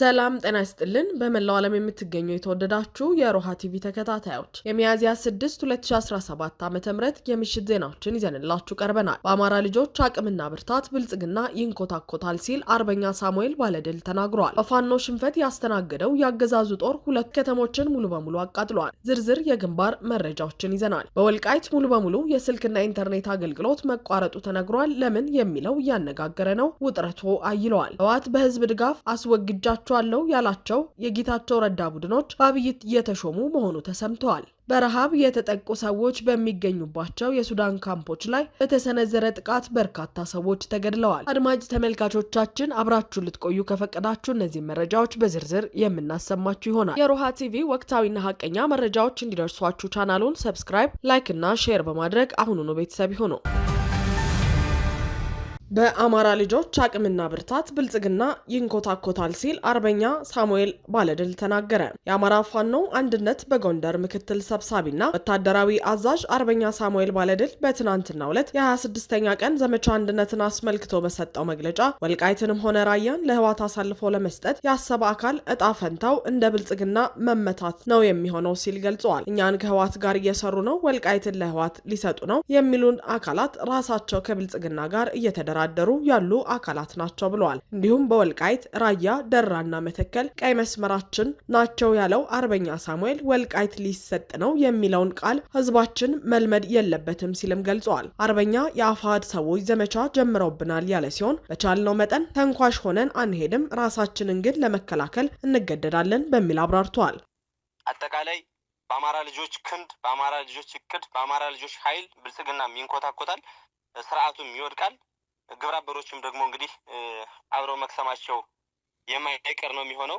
ሰላም ጤና ይስጥልን። በመላው ዓለም የምትገኙ የተወደዳችሁ የሮሃ ቲቪ ተከታታዮች የሚያዝያ 6 2017 ዓ ም የምሽት ዜናዎችን ይዘንላችሁ ቀርበናል። በአማራ ልጆች አቅምና ብርታት ብልጽግና ይንኮታኮታል ሲል አርበኛ ሳሙኤል ባለድል ተናግሯል። በፋኖ ሽንፈት ያስተናገደው የአገዛዙ ጦር ሁለት ከተሞችን ሙሉ በሙሉ አቃጥሏል። ዝርዝር የግንባር መረጃዎችን ይዘናል። በወልቃይት ሙሉ በሙሉ የስልክና ኢንተርኔት አገልግሎት መቋረጡ ተነግሯል። ለምን የሚለው እያነጋገረ ነው። ውጥረቱ አይለዋል። ህወሓት በህዝብ ድጋፍ አስወግጃ አለው ያላቸው የጌታቸው ረዳ ቡድኖች በአብይ እየተሾሙ መሆኑ ተሰምተዋል። በረሃብ የተጠቁ ሰዎች በሚገኙባቸው የሱዳን ካምፖች ላይ በተሰነዘረ ጥቃት በርካታ ሰዎች ተገድለዋል። አድማጭ ተመልካቾቻችን አብራችሁ ልትቆዩ ከፈቀዳችሁ እነዚህ መረጃዎች በዝርዝር የምናሰማችሁ ይሆናል። የሮሃ ቲቪ ወቅታዊና ሀቀኛ መረጃዎች እንዲደርሷችሁ ቻናሉን ሰብስክራይብ፣ ላይክ እና ሼር በማድረግ አሁኑኑ ቤተሰብ ይሁኑ። በአማራ ልጆች አቅምና ብርታት ብልጽግና ይንኮታኮታል ሲል አርበኛ ሳሙኤል ባለድል ተናገረ። የአማራ ፋኖ አንድነት በጎንደር ምክትል ሰብሳቢና ወታደራዊ አዛዥ አርበኛ ሳሙኤል ባለድል በትናንትናው ዕለት የ26ኛ ቀን ዘመቻ አንድነትን አስመልክቶ በሰጠው መግለጫ ወልቃይትንም ሆነ ራያን ለህዋት አሳልፎ ለመስጠት ያሰበ አካል እጣ ፈንታው እንደ ብልጽግና መመታት ነው የሚሆነው ሲል ገልጸዋል። እኛን ከህዋት ጋር እየሰሩ ነው፣ ወልቃይትን ለህዋት ሊሰጡ ነው የሚሉን አካላት ራሳቸው ከብልጽግና ጋር እየተደራ እየተደራደሩ ያሉ አካላት ናቸው ብለዋል። እንዲሁም በወልቃይት ራያ፣ ደራና መተከል ቀይ መስመራችን ናቸው ያለው አርበኛ ሳሙኤል ወልቃይት ሊሰጥ ነው የሚለውን ቃል ህዝባችን መልመድ የለበትም ሲልም ገልጸዋል። አርበኛ የአፋድ ሰዎች ዘመቻ ጀምረውብናል ያለ ሲሆን በቻልነው መጠን ተንኳሽ ሆነን አንሄድም፣ ራሳችንን ግን ለመከላከል እንገደዳለን በሚል አብራርተዋል። አጠቃላይ በአማራ ልጆች ክንድ፣ በአማራ ልጆች እቅድ፣ በአማራ ልጆች ኃይል ብልጽግና ይንኮታኮታል፣ ስርዓቱም ይወድቃል። ግብረ አበሮችም ደግሞ እንግዲህ አብረው መክሰማቸው የማይቀር ነው የሚሆነው።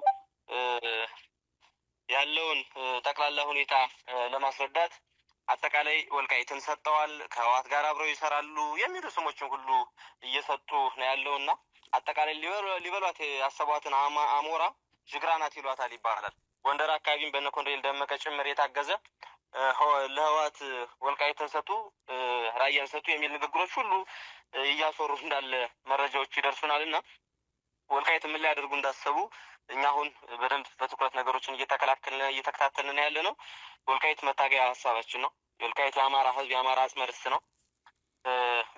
ያለውን ጠቅላላ ሁኔታ ለማስረዳት አጠቃላይ ወልቃይትን ሰጠዋል፣ ከህዋት ጋር አብረው ይሰራሉ የሚሉ ስሞችን ሁሉ እየሰጡ ነው ያለውና አጠቃላይ ሊበሏት ያሰቧትን አሞራ ጅግራናት ይሏታል ይባላል። ጎንደር አካባቢም በነ ደመቀ ጭምር የታገዘ ለህዋት ወልቃይትን ሰጡ፣ ራያን ሰጡ የሚል ንግግሮች ሁሉ እያሰሩት እንዳለ መረጃዎች ይደርሱናል እና ወልቃይት ምን ሊያደርጉ እንዳሰቡ እኛ አሁን በደንብ በትኩረት ነገሮችን እየተከላከልን እየተከታተልን ያለ ነው። ወልቃይት መታገያ ሀሳባችን ነው። ወልቃይት የአማራ ህዝብ የአማራ አጽመርስ ነው።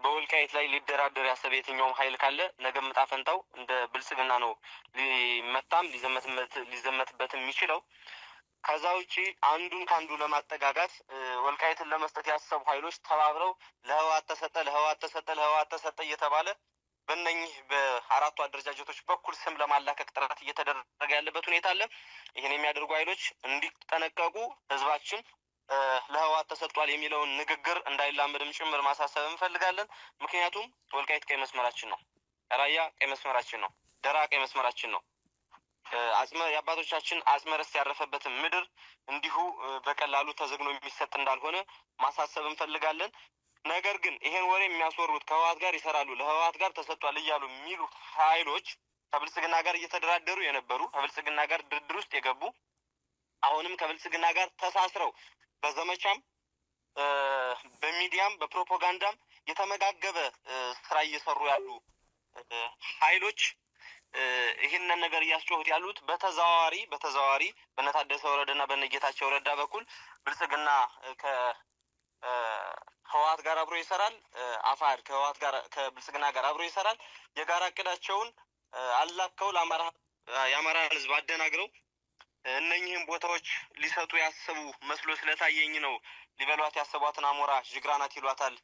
በወልቃይት ላይ ሊደራደር ያሰበ የትኛውም ኃይል ካለ ነገ ዕጣ ፈንታው እንደ ብልጽግና ነው። ሊመታም ሊዘመትበት የሚችለው ከዛ ውጪ አንዱን ከአንዱ ለማጠጋጋት ወልቃይትን ለመስጠት ያሰቡ ኃይሎች ተባብረው ለህወሓት ተሰጠ፣ ለህወሓት ተሰጠ፣ ለህወሓት ተሰጠ እየተባለ በነኚህ በአራቱ አደረጃጀቶች በኩል ስም ለማላከቅ ጥረት እየተደረገ ያለበት ሁኔታ አለ። ይህን የሚያደርጉ ኃይሎች እንዲጠነቀቁ ህዝባችን ለህወሓት ተሰጥቷል የሚለውን ንግግር እንዳይላመድም ጭምር ማሳሰብ እንፈልጋለን። ምክንያቱም ወልቃይት ቀይ መስመራችን ነው። ራያ ቀይ መስመራችን ነው። ደራ ቀይ መስመራችን ነው። የአባቶቻችን አጽመረስ ያረፈበትን ምድር እንዲሁ በቀላሉ ተዘግኖ የሚሰጥ እንዳልሆነ ማሳሰብ እንፈልጋለን። ነገር ግን ይሄን ወሬ የሚያስወሩት ከህወሓት ጋር ይሰራሉ፣ ለህወሓት ጋር ተሰጥቷል እያሉ የሚሉ ኃይሎች ከብልጽግና ጋር እየተደራደሩ የነበሩ ከብልጽግና ጋር ድርድር ውስጥ የገቡ አሁንም ከብልጽግና ጋር ተሳስረው በዘመቻም በሚዲያም በፕሮፓጋንዳም የተመጋገበ ስራ እየሰሩ ያሉ ኃይሎች ይህንን ነገር እያስጮሁት ያሉት በተዘዋዋሪ በተዘዋዋሪ በነታደሰ ታደሰ ወረደና በነጌታቸው ረዳ በኩል ብልጽግና ከህወሓት ጋር አብሮ ይሰራል፣ አፋር ከህወሓት ጋር ከብልጽግና ጋር አብሮ ይሰራል። የጋራ እቅዳቸውን አላከው የአማራ ህዝብ አደናግረው እነኝህም ቦታዎች ሊሰጡ ያሰቡ መስሎ ስለታየኝ ነው ሊበሏት ያሰቧትን አሞራ ዥግራናት ይሏታል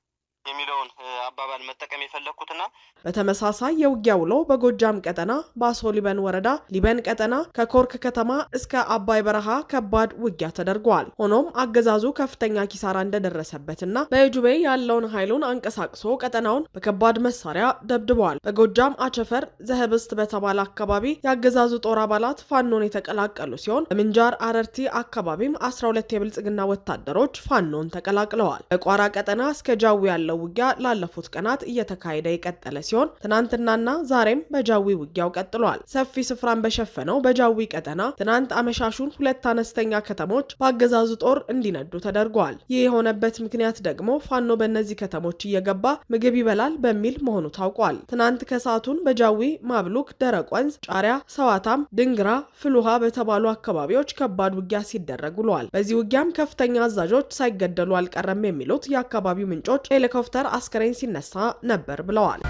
የሚለውን አባባል መጠቀም የፈለግኩትና በተመሳሳይ የውጊያ ውሎ በጎጃም ቀጠና በአሶ ሊበን ወረዳ ሊበን ቀጠና ከኮርክ ከተማ እስከ አባይ በረሃ ከባድ ውጊያ ተደርጓል። ሆኖም አገዛዙ ከፍተኛ ኪሳራ እንደደረሰበትና በጁቤ ያለውን ኃይሉን አንቀሳቅሶ ቀጠናውን በከባድ መሳሪያ ደብድበዋል። በጎጃም አቸፈር ዘህብስት በተባለ አካባቢ የአገዛዙ ጦር አባላት ፋኖን የተቀላቀሉ ሲሆን በምንጃር አረርቲ አካባቢም ሁለት የብልጽግና ወታደሮች ፋኖን ተቀላቅለዋል። በቋራ ቀጠና እስከ ጃዊ ያለው ያለው ውጊያ ላለፉት ቀናት እየተካሄደ የቀጠለ ሲሆን ትናንትናና ዛሬም በጃዊ ውጊያው ቀጥሏል። ሰፊ ስፍራን በሸፈነው በጃዊ ቀጠና ትናንት አመሻሹን ሁለት አነስተኛ ከተሞች በአገዛዙ ጦር እንዲነዱ ተደርገዋል። ይህ የሆነበት ምክንያት ደግሞ ፋኖ በእነዚህ ከተሞች እየገባ ምግብ ይበላል በሚል መሆኑ ታውቋል። ትናንት ከሰዓቱን በጃዊ ማብሉክ፣ ደረቅ ወንዝ፣ ጫሪያ፣ ሰዋታም፣ ድንግራ፣ ፍልውሃ በተባሉ አካባቢዎች ከባድ ውጊያ ሲደረግ ውሏል። በዚህ ውጊያም ከፍተኛ አዛዦች ሳይገደሉ አልቀረም የሚሉት የአካባቢው ምንጮች ሄሊኮ ሄሊኮፕተር አስከሬን ሲነሳ ነበር ብለዋል።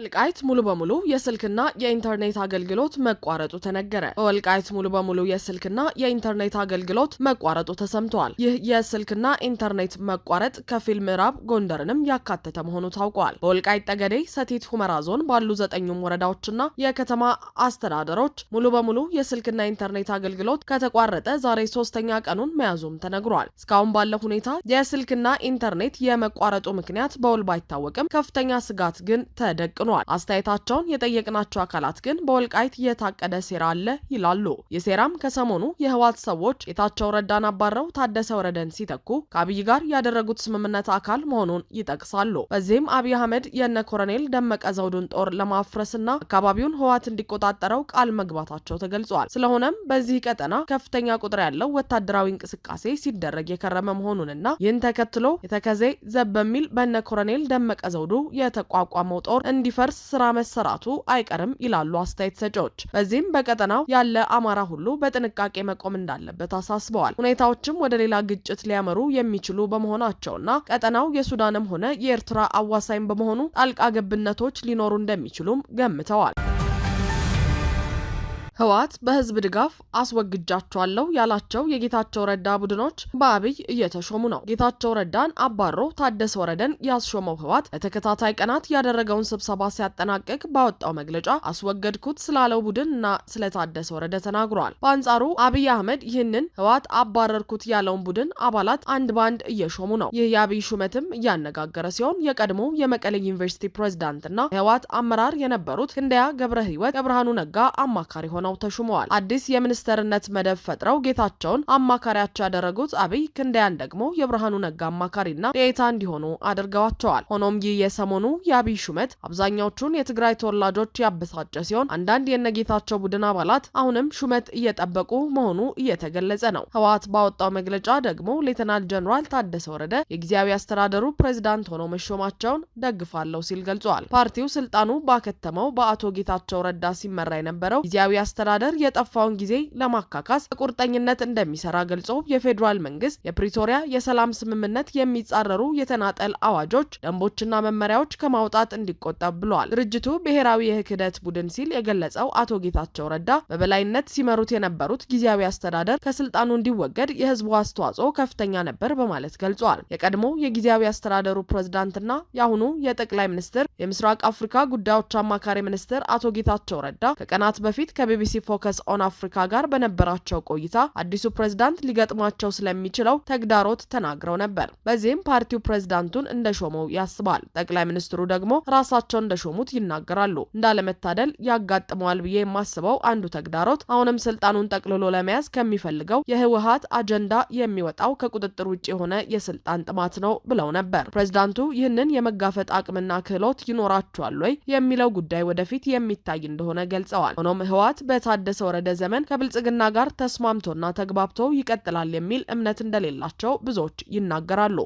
ወልቃይት ሙሉ በሙሉ የስልክና የኢንተርኔት አገልግሎት መቋረጡ ተነገረ። በወልቃይት ሙሉ በሙሉ የስልክና የኢንተርኔት አገልግሎት መቋረጡ ተሰምተዋል። ይህ የስልክና ኢንተርኔት መቋረጥ ከፊል ምዕራብ ጎንደርንም ያካተተ መሆኑ ታውቋል። በወልቃይት ጠገዴ፣ ሰቲት ሁመራ ዞን ባሉ ዘጠኙም ወረዳዎችና የከተማ አስተዳደሮች ሙሉ በሙሉ የስልክና ኢንተርኔት አገልግሎት ከተቋረጠ ዛሬ ሶስተኛ ቀኑን መያዙም ተነግሯል። እስካሁን ባለው ሁኔታ የስልክና ኢንተርኔት የመቋረጡ ምክንያት በውል ባይታወቅም ከፍተኛ ስጋት ግን ተደቅኗል። ሆኗል። አስተያየታቸውን የጠየቅናቸው አካላት ግን በወልቃይት የታቀደ ሴራ አለ ይላሉ። የሴራም ከሰሞኑ የህወሓት ሰዎች ጌታቸው ረዳን አባረው ታደሰ ወረደን ሲተኩ ከአብይ ጋር ያደረጉት ስምምነት አካል መሆኑን ይጠቅሳሉ። በዚህም አብይ አህመድ የነ ኮሎኔል ደመቀ ዘውዱን ጦር ለማፍረስና አካባቢውን ህወሓት እንዲቆጣጠረው ቃል መግባታቸው ተገልጿል። ስለሆነም በዚህ ቀጠና ከፍተኛ ቁጥር ያለው ወታደራዊ እንቅስቃሴ ሲደረግ የከረመ መሆኑንና ይህን ተከትሎ የተከዜ ዘብ በሚል በነ ኮሎኔል ደመቀ ዘውዱ የተቋቋመው ጦር እንዲፈ እንዲፈርስ ስራ መሰራቱ አይቀርም ይላሉ አስተያየት ሰጪዎች። በዚህም በቀጠናው ያለ አማራ ሁሉ በጥንቃቄ መቆም እንዳለበት አሳስበዋል። ሁኔታዎችም ወደ ሌላ ግጭት ሊያመሩ የሚችሉ በመሆናቸውና ቀጠናው የሱዳንም ሆነ የኤርትራ አዋሳኝ በመሆኑ ጣልቃ ገብነቶች ሊኖሩ እንደሚችሉም ገምተዋል። ህወሓት በህዝብ ድጋፍ አስወግጃቸዋለሁ ያላቸው የጌታቸው ረዳ ቡድኖች በአብይ እየተሾሙ ነው። ጌታቸው ረዳን አባሮ ታደሰ ወረደን ያስሾመው ህወሓት በተከታታይ ቀናት ያደረገውን ስብሰባ ሲያጠናቅቅ ባወጣው መግለጫ አስወገድኩት ስላለው ቡድን እና ስለታደሰ ወረደ ተናግሯል። በአንጻሩ አብይ አህመድ ይህንን ህወሓት አባረርኩት ያለውን ቡድን አባላት አንድ በአንድ እየሾሙ ነው። ይህ የአብይ ሹመትም እያነጋገረ ሲሆን የቀድሞ የመቀሌ ዩኒቨርሲቲ ፕሬዚዳንትና የህወሓት አመራር የነበሩት ክንደያ ገብረ ህይወት የብርሃኑ ነጋ አማካሪ ሆነው ሆነው ተሹመዋል። አዲስ የሚኒስተርነት መደብ ፈጥረው ጌታቸውን አማካሪያቸው ያደረጉት አብይ ክንደያን ደግሞ የብርሃኑ ነጋ አማካሪና ዴኤታ እንዲሆኑ አድርገዋቸዋል። ሆኖም ይህ የሰሞኑ የአብይ ሹመት አብዛኛዎቹን የትግራይ ተወላጆች ያበሳጨ ሲሆን አንዳንድ የነጌታቸው ቡድን አባላት አሁንም ሹመት እየጠበቁ መሆኑ እየተገለጸ ነው። ህወሓት ባወጣው መግለጫ ደግሞ ሌተናል ጀኔራል ታደሰ ወረደ የጊዜያዊ አስተዳደሩ ፕሬዚዳንት ሆነው መሾማቸውን ደግፋለሁ ሲል ገልጿል። ፓርቲው ስልጣኑ ባከተመው በአቶ ጌታቸው ረዳ ሲመራ የነበረው ጊዜያዊ አስተዳደር የጠፋውን ጊዜ ለማካካስ በቁርጠኝነት እንደሚሰራ ገልጾ የፌዴራል መንግስት የፕሪቶሪያ የሰላም ስምምነት የሚጻረሩ የተናጠል አዋጆች፣ ደንቦችና መመሪያዎች ከማውጣት እንዲቆጠብ ብለዋል። ድርጅቱ ብሔራዊ የክህደት ቡድን ሲል የገለጸው አቶ ጌታቸው ረዳ በበላይነት ሲመሩት የነበሩት ጊዜያዊ አስተዳደር ከስልጣኑ እንዲወገድ የህዝቡ አስተዋጽኦ ከፍተኛ ነበር በማለት ገልጿል። የቀድሞ የጊዜያዊ አስተዳደሩ ፕሬዝዳንትና የአሁኑ የጠቅላይ ሚኒስትር የምስራቅ አፍሪካ ጉዳዮች አማካሪ ሚኒስትር አቶ ጌታቸው ረዳ ከቀናት በፊት ከቢቢ ከቢቢሲ ፎከስ ኦን አፍሪካ ጋር በነበራቸው ቆይታ አዲሱ ፕሬዝዳንት ሊገጥማቸው ስለሚችለው ተግዳሮት ተናግረው ነበር። በዚህም ፓርቲው ፕሬዝዳንቱን እንደሾመው ያስባል። ጠቅላይ ሚኒስትሩ ደግሞ ራሳቸው እንደሾሙት ይናገራሉ። እንዳለመታደል ያጋጥመዋል ብዬ የማስበው አንዱ ተግዳሮት አሁንም ስልጣኑን ጠቅልሎ ለመያዝ ከሚፈልገው የህወሀት አጀንዳ የሚወጣው ከቁጥጥር ውጭ የሆነ የስልጣን ጥማት ነው ብለው ነበር። ፕሬዝዳንቱ ይህንን የመጋፈጥ አቅምና ክህሎት ይኖራቸዋል ወይ የሚለው ጉዳይ ወደፊት የሚታይ እንደሆነ ገልጸዋል። ሆኖም ህወሀት በታደሰ ወረደ ዘመን ከብልጽግና ጋር ተስማምቶና ተግባብቶ ይቀጥላል የሚል እምነት እንደሌላቸው ብዙዎች ይናገራሉ።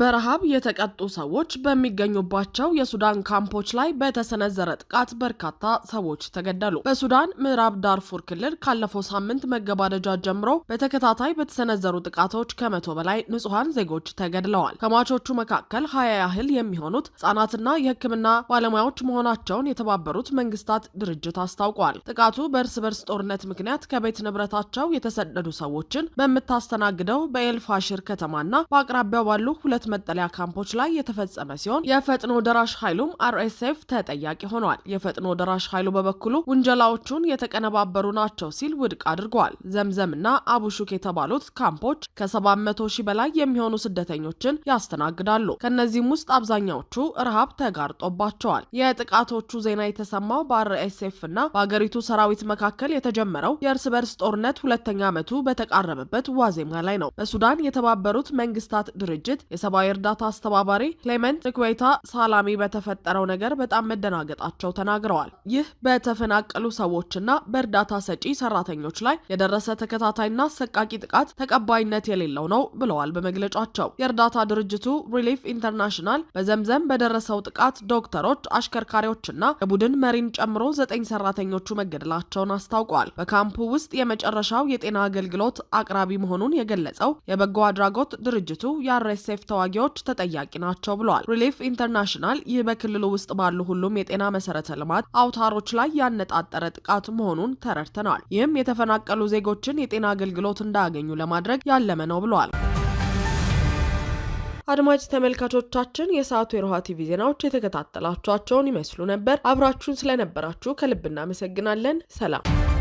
በረሃብ የተቀጡ ሰዎች በሚገኙባቸው የሱዳን ካምፖች ላይ በተሰነዘረ ጥቃት በርካታ ሰዎች ተገደሉ። በሱዳን ምዕራብ ዳርፉር ክልል ካለፈው ሳምንት መገባደጃ ጀምሮ በተከታታይ በተሰነዘሩ ጥቃቶች ከመቶ በላይ ንጹሐን ዜጎች ተገድለዋል። ከሟቾቹ መካከል ሀያ ያህል የሚሆኑት ህጻናትና የሕክምና ባለሙያዎች መሆናቸውን የተባበሩት መንግስታት ድርጅት አስታውቋል። ጥቃቱ በእርስ በርስ ጦርነት ምክንያት ከቤት ንብረታቸው የተሰደዱ ሰዎችን በምታስተናግደው በኤልፋሽር ከተማና በአቅራቢያው ባሉ ሁለት በስደት መጠለያ ካምፖች ላይ የተፈጸመ ሲሆን የፈጥኖ ደራሽ ኃይሉም አርኤስኤፍ ተጠያቂ ሆኗል። የፈጥኖ ደራሽ ኃይሉ በበኩሉ ውንጀላዎቹን የተቀነባበሩ ናቸው ሲል ውድቅ አድርገዋል። ዘምዘምና አቡሹክ የተባሉት ካምፖች ከ700 ሺህ በላይ የሚሆኑ ስደተኞችን ያስተናግዳሉ። ከእነዚህም ውስጥ አብዛኛዎቹ ረሃብ ተጋርጦባቸዋል። የጥቃቶቹ ዜና የተሰማው በአርኤስኤፍ እና በአገሪቱ ሰራዊት መካከል የተጀመረው የእርስ በርስ ጦርነት ሁለተኛ ዓመቱ በተቃረበበት ዋዜማ ላይ ነው። በሱዳን የተባበሩት መንግስታት ድርጅት የሰብአዊ እርዳታ አስተባባሪ ክሌመንት ንኩዌታ ሳላሚ በተፈጠረው ነገር በጣም መደናገጣቸው ተናግረዋል። ይህ በተፈናቀሉ ሰዎችና በእርዳታ ሰጪ ሰራተኞች ላይ የደረሰ ተከታታይና አሰቃቂ ጥቃት ተቀባይነት የሌለው ነው ብለዋል። በመግለጫቸው የእርዳታ ድርጅቱ ሪሊፍ ኢንተርናሽናል በዘምዘም በደረሰው ጥቃት ዶክተሮች፣ አሽከርካሪዎችና የቡድን መሪን ጨምሮ ዘጠኝ ሰራተኞቹ መገደላቸውን አስታውቋል። በካምፑ ውስጥ የመጨረሻው የጤና አገልግሎት አቅራቢ መሆኑን የገለጸው የበጎ አድራጎት ድርጅቱ የአርኤስኤፍ ተዋ ተዋጊዎች ተጠያቂ ናቸው ብለዋል። ሪሊፍ ኢንተርናሽናል ይህ በክልሉ ውስጥ ባሉ ሁሉም የጤና መሰረተ ልማት አውታሮች ላይ ያነጣጠረ ጥቃት መሆኑን ተረድተናል። ይህም የተፈናቀሉ ዜጎችን የጤና አገልግሎት እንዳያገኙ ለማድረግ ያለመ ነው ብለዋል። አድማጭ ተመልካቾቻችን የሰዓቱ የሮሃ ቲቪ ዜናዎች የተከታተላችኋቸውን ይመስሉ ነበር። አብራችሁን ስለነበራችሁ ከልብ እናመሰግናለን። ሰላም